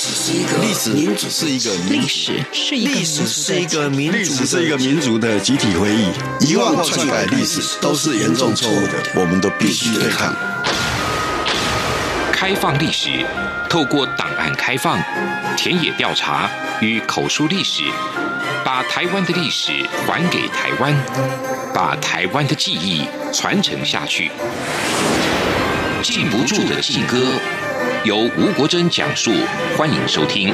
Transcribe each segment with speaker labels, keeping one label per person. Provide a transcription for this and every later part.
Speaker 1: 歷史是一個歷史是一個歷史是是一個民族的是一個民族的集體回憶，遺忘篡改歷史都是嚴重錯誤的，我們都必須對抗。開放歷史，透過檔案開放、田野調查與口述歷史，把台灣的歷史還給台灣，把台灣的記憶傳承下去。禁不住的禁歌，由吳國禎講述，歡迎收聽。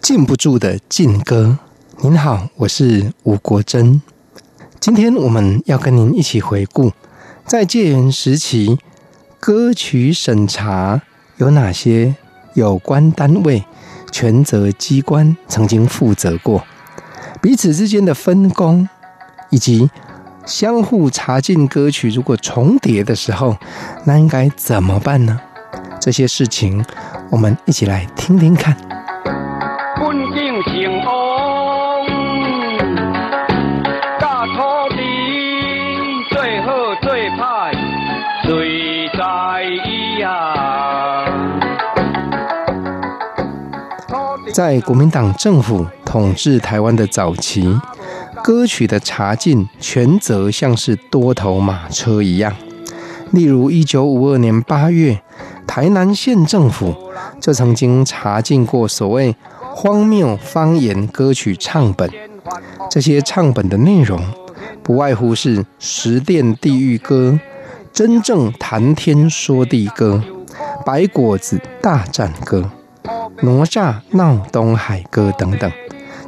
Speaker 1: 禁不住的禁歌，您好，我是吳國禎。今天我們要跟您一起回顧，在戒嚴時期，歌曲審查有哪些有關單位、權責機關曾經負責過？彼此之間的分工以及。相互查禁歌曲，如果重疊的時候，那應該怎麼辦呢？這些事情，我們一起來聽聽看。境成功土最後最、啊土啊、在國民黨政府統治台灣的早期。歌曲的查禁權責像是多頭馬車一樣。例如，一九五二年八月，台南縣政府就曾經查禁過所謂荒謬方言歌曲唱本。這些唱本的內容，不外乎是十殿地獄歌、真正談天說地歌、百果子大戰歌、哪吒鬧東海歌等等。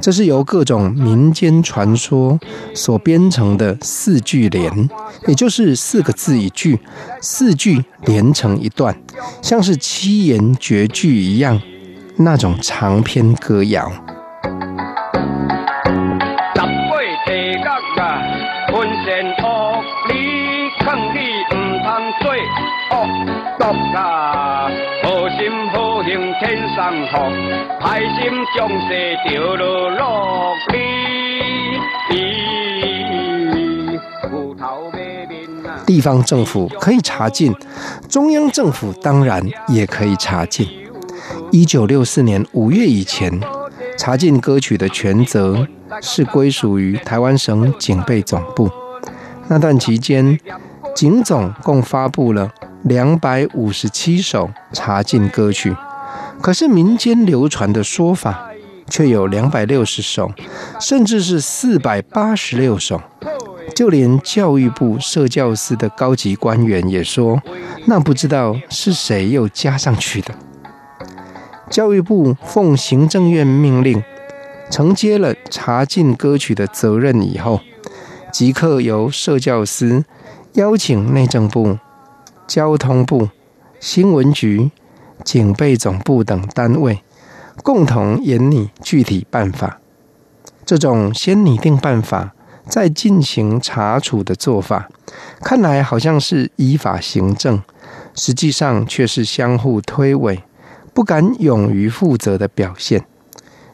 Speaker 1: 這是由各種民間傳說所編成的四句聯，也就是七個字一句，四句連成一段，像是七言絕句一樣，那種長篇歌謠。十八地方政府可以查禁，中央政府當然也可以查禁。一九六四年五月以前，查禁歌曲的權責是歸屬於台灣省警備總部。那段期間，警總共發布了兩百五十七首查禁歌曲。可是民間流傳的說法卻有兩百六十首，甚至是四百八十六首。就連教育部社教司的高級官員也說，那不知道是誰又加上去的。教育部奉行政院命令，承接了查禁歌曲的責任以後，即刻由社教司邀請內政部、交通部、新聞局，警備總部等單位共同研擬具體辦法。這種先擬定辦法再進行查處的做法，看來好像是依法行政，實際上卻是相互推諉、不敢勇於負責的表現。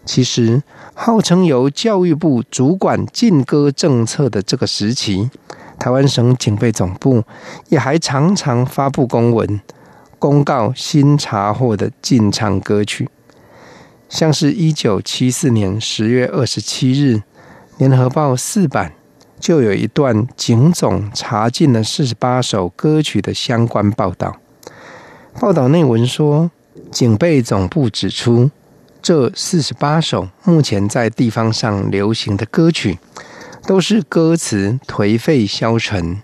Speaker 1: 其實，號稱由教育部主管禁歌政策的這個時期，台灣省警備總部也還常常發布公文。公告新查獲的禁唱歌曲，像是一九七四年十月二十七日《聯合報》四版，就有一段警總查禁了四十八首歌曲的相關報道。報道內文說，警備總部指出，這四十八首目前在地方上流行的歌曲，都是歌詞頹廢消沉，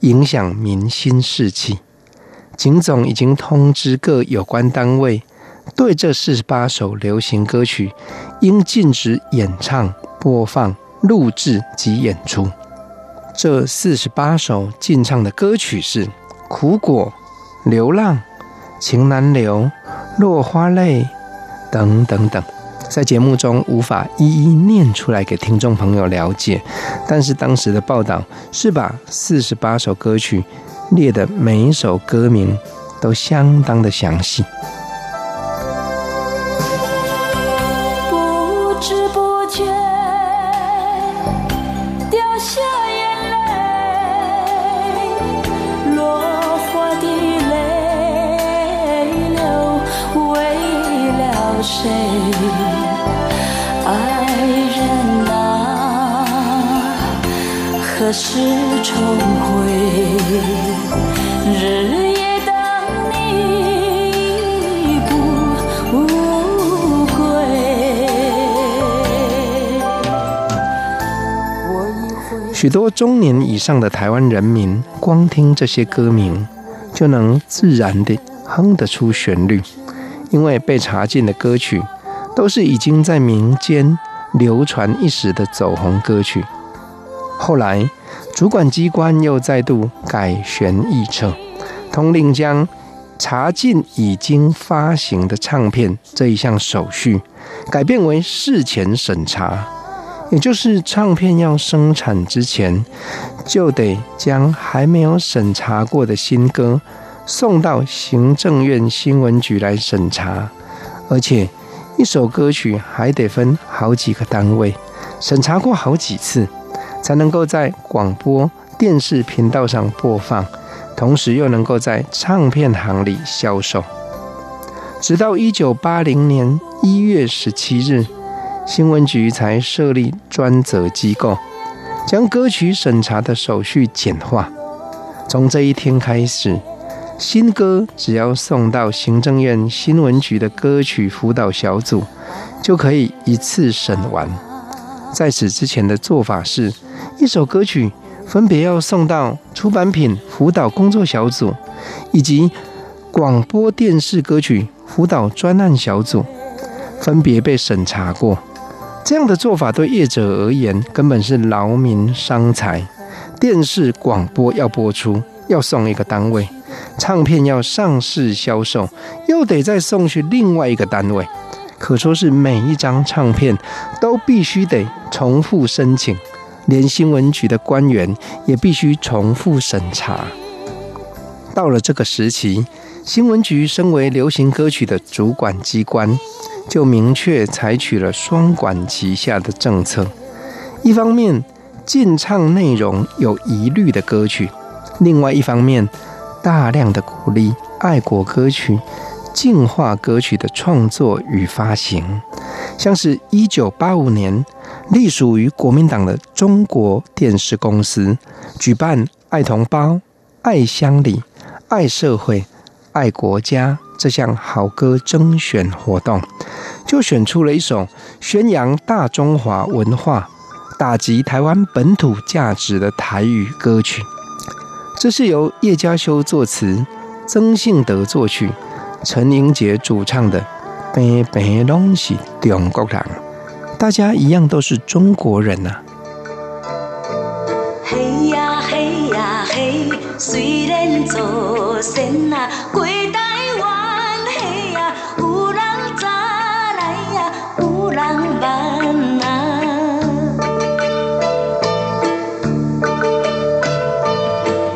Speaker 1: 影響民心士氣。警總已經通知各有關單位，對這四十八首流行歌曲應禁止演唱、播放、錄制及演出。這四十八首禁唱的歌曲是《苦果》《流浪》《情難留》《落花淚》等等等，在節目中無法一一念出來給聽眾朋友了解。但是當時的報道是把四十八首歌曲。列的每一首歌名都相當的詳細。不知不覺，掉下眼淚，落花的淚流為了誰？愛人吶。何時重歸？日夜等你。許多中年以上的台灣人民，光聽這些歌名，就能自然地哼得出旋律，因為被查禁的歌曲，都是已經在民間流傳一時的走紅歌曲。後來，主管機關又再度改弦易轍，通令將查禁已經發行的唱片這一項手續，改變為事前審查，也就是唱片要生產之前，就得將還沒有審查過的新歌送到行政院新聞局來審查，而且一首歌曲還得分好幾個單位審查過好幾次。才能夠在廣播電視頻道上播放，同時又能夠在唱片行裡銷售。直到一九八零年一月十七日，新聞局才設立專責機構，將歌曲審查的手續簡化。從這一天開始，新歌只要送到行政院新聞局的歌曲輔導小組，就可以一次審完。在此之前的做法是，一首歌曲分別要送到出版品輔導工作小組以及廣播電視歌曲輔導專案小組，分別被審查過。這樣的做法對業者而言，根本是勞民傷財。電視廣播要播出，要送一個單位；唱片要上市銷售，又得再送去另外一個單位。可說是每一張唱片都必須得重複申請。連新聞局的官員也必須重複審查。到了這個時期，新聞局身為流行歌曲的主管機關，就明確採取了雙管齊下的政策：一方面禁唱內容有疑慮的歌曲，另外一方面大量的鼓勵愛國歌曲、淨化歌曲的創作與發行，像是一九八五年。隸屬於國民黨的中國電視公司舉辦“愛同胞、愛鄉里、愛社會、愛國家”這項好歌徵選活動，就選出了一首宣揚大中華文化、打擊台灣本土價值的台語歌曲。這是由葉佳修作詞、曾幸德作曲、陳英杰主唱的《偏偏攏是中國人》。大家一樣都是中國人吶，啊。嘿呀嘿呀嘿，雖然祖先吶呀，有人早來呀，有人慢吶。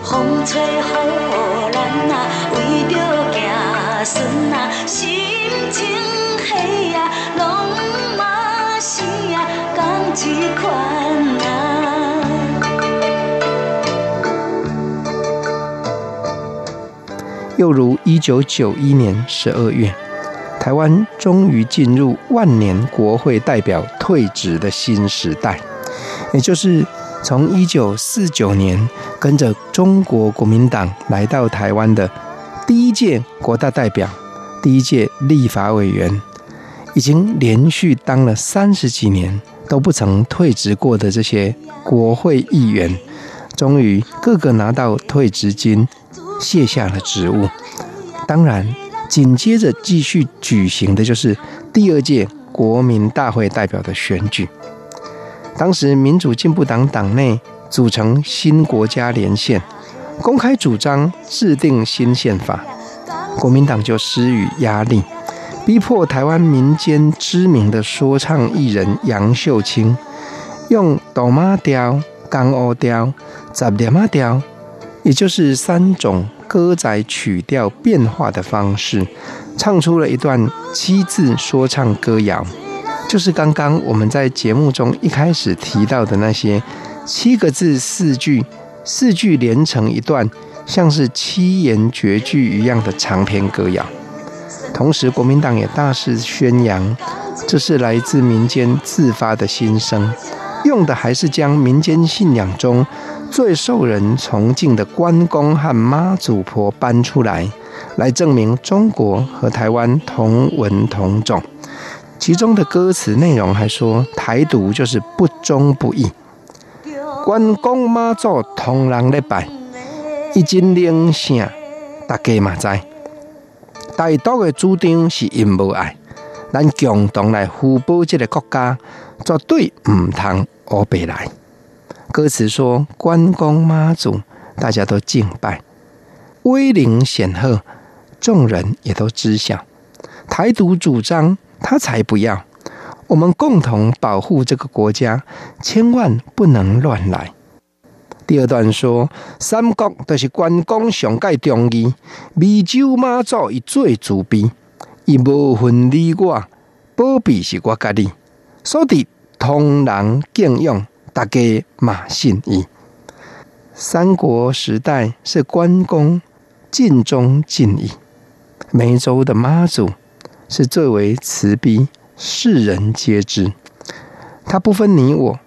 Speaker 1: 風吹雨打為着行順吶，心情。又如，一九九一年十二月，台灣終於進入萬年國會代表退職的新時代。也就是從一九四九年跟着中國國民黨來到台灣的第一屆國大代表、第一屆立法委員，已經連續當了三十幾年。都不曾退職過的這些國會議員，終於個個拿到退職金，卸下了職務。當然，緊接着繼續舉行的就是第二屆國民大會代表的選舉。當時民主進步黨黨內組成新國家連線，公開主張制定新憲法，國民黨就施予壓力。逼迫台灣民間知名的說唱藝人楊秀卿，用都馬調、江湖調、雜唸仔調，也就是三種歌仔曲調變化的方式，唱出了一段七字說唱歌謠，就是剛剛我們在節目中一開始提到的那些七個字四句、四句連成一段，像是七言絕句一樣的長篇歌謠。同時，國民黨也大肆宣揚，這是來自民間自發的心聲，用的還是將民間信仰中最受人崇敬的關公和媽祖婆搬出來，來證明中國和台灣同文同種。其中的歌詞內容還說，台獨就是不忠不義，關公媽祖同人的拜，一經鈴響，大家嘛知。台獨的主張是因無愛，咱共同來護保這個國家，絕對唔通烏白來。歌詞說，關公媽祖大家都敬拜，威靈顯赫，眾人也都知曉。台獨主張他才不要，我們共同保護這個國家，千萬不能亂來。第二段說：三國都是關公上蓋忠義，湄洲媽祖以最慈悲，伊無分你我，保庇是我甲汝，所以通人敬仰，大家馬信伊。三國時代是關公盡忠盡義，湄洲的媽祖是最為慈悲，世人皆知，他不分你我，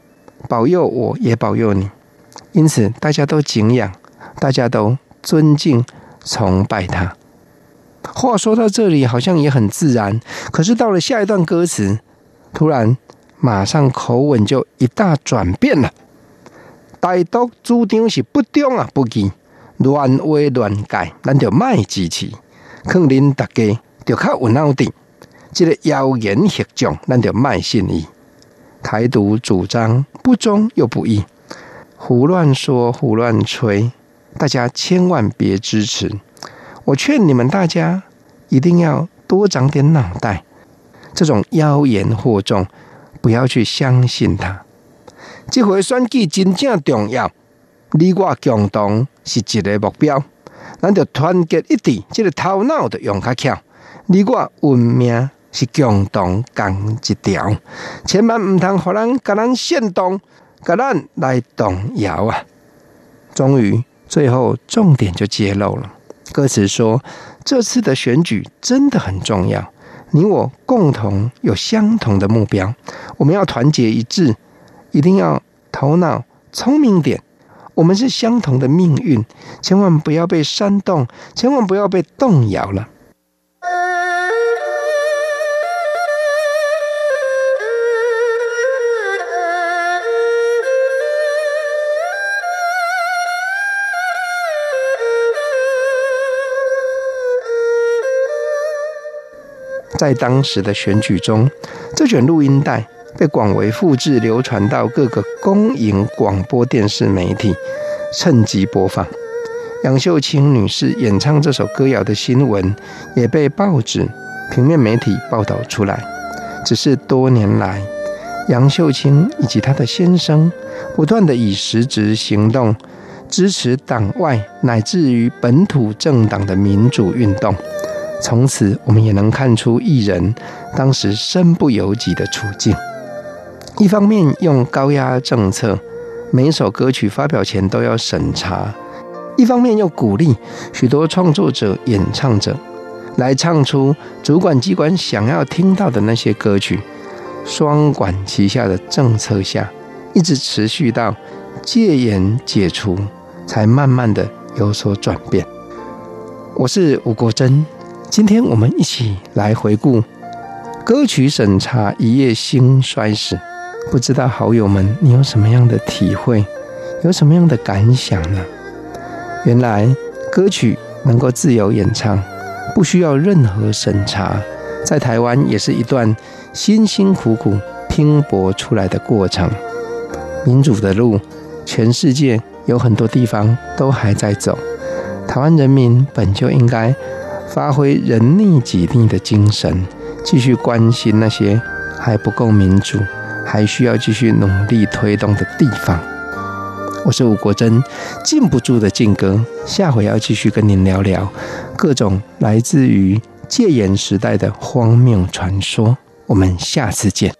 Speaker 1: 保佑我也保佑你。因此，大家都敬仰，大家都尊敬、崇拜他。話說到這裡，好像也很自然。可是到了下一段歌詞，突然馬上口吻就一大轉變了。台獨主張是不忠啊，不義，亂歪亂改，咱就賣支持。可能大家就較穩鬧定，這個謠言惑眾咱就賣信伊。台獨主張不忠又不義。胡亂說，胡亂吹，大家千萬別支持。我勸你們大家，一定要多長點腦袋。這種妖言惑眾，不要去相信他。這回選舉真正重要，你我共同是一個目標，咱就團結一致，這個頭腦得用較巧。你我文明是共同干一條，千萬唔通荷人甲咱煽動。橄欖來動搖啊！終於，最後重點就揭露了。歌詞說：“這次的選舉真的很重要，你我共同有相同的目標，我們要團結一致，一定要頭腦聰明點。我們是相同的命運，千萬不要被煽動，千萬不要被動搖了。”在當時的選舉中，這卷錄音帶被廣為複製、流傳到各個公營廣播電視媒體，趁機播放。楊秀卿女士演唱這首歌謠的新聞也被報紙、平面媒體報道出來。只是多年來，楊秀卿以及她的先生不斷地以實質行動支持黨外乃至於本土政黨的民主運動。從此，我們也能看出藝人當時身不由己的處境。一方面用高壓政策，每首歌曲發表前都要審查；一方面又鼓勵許多創作者、演唱者來唱出主管機關想要聽到的那些歌曲。雙管齊下的政策下，一直持續到戒嚴解除，才慢慢的有所轉變。我是吳國珍。今天我們一起來回顧歌曲審查一頁興衰史。不知道好友們，你有什麼樣的體會，有什麼樣的感想呢？原來歌曲能夠自由演唱，不需要任何審查，在台灣也是一段辛辛苦苦拼搏出來的過程。民主的路，全世界有很多地方都還在走，台灣人民本就應該。發揮人溺己溺的精神，繼續關心那些還不夠民主、還需要繼續努力推動的地方。我是吳國楨，禁不住的禁歌，下回要繼續跟您聊聊各種來自於戒嚴時代的荒謬傳說。我們下次見。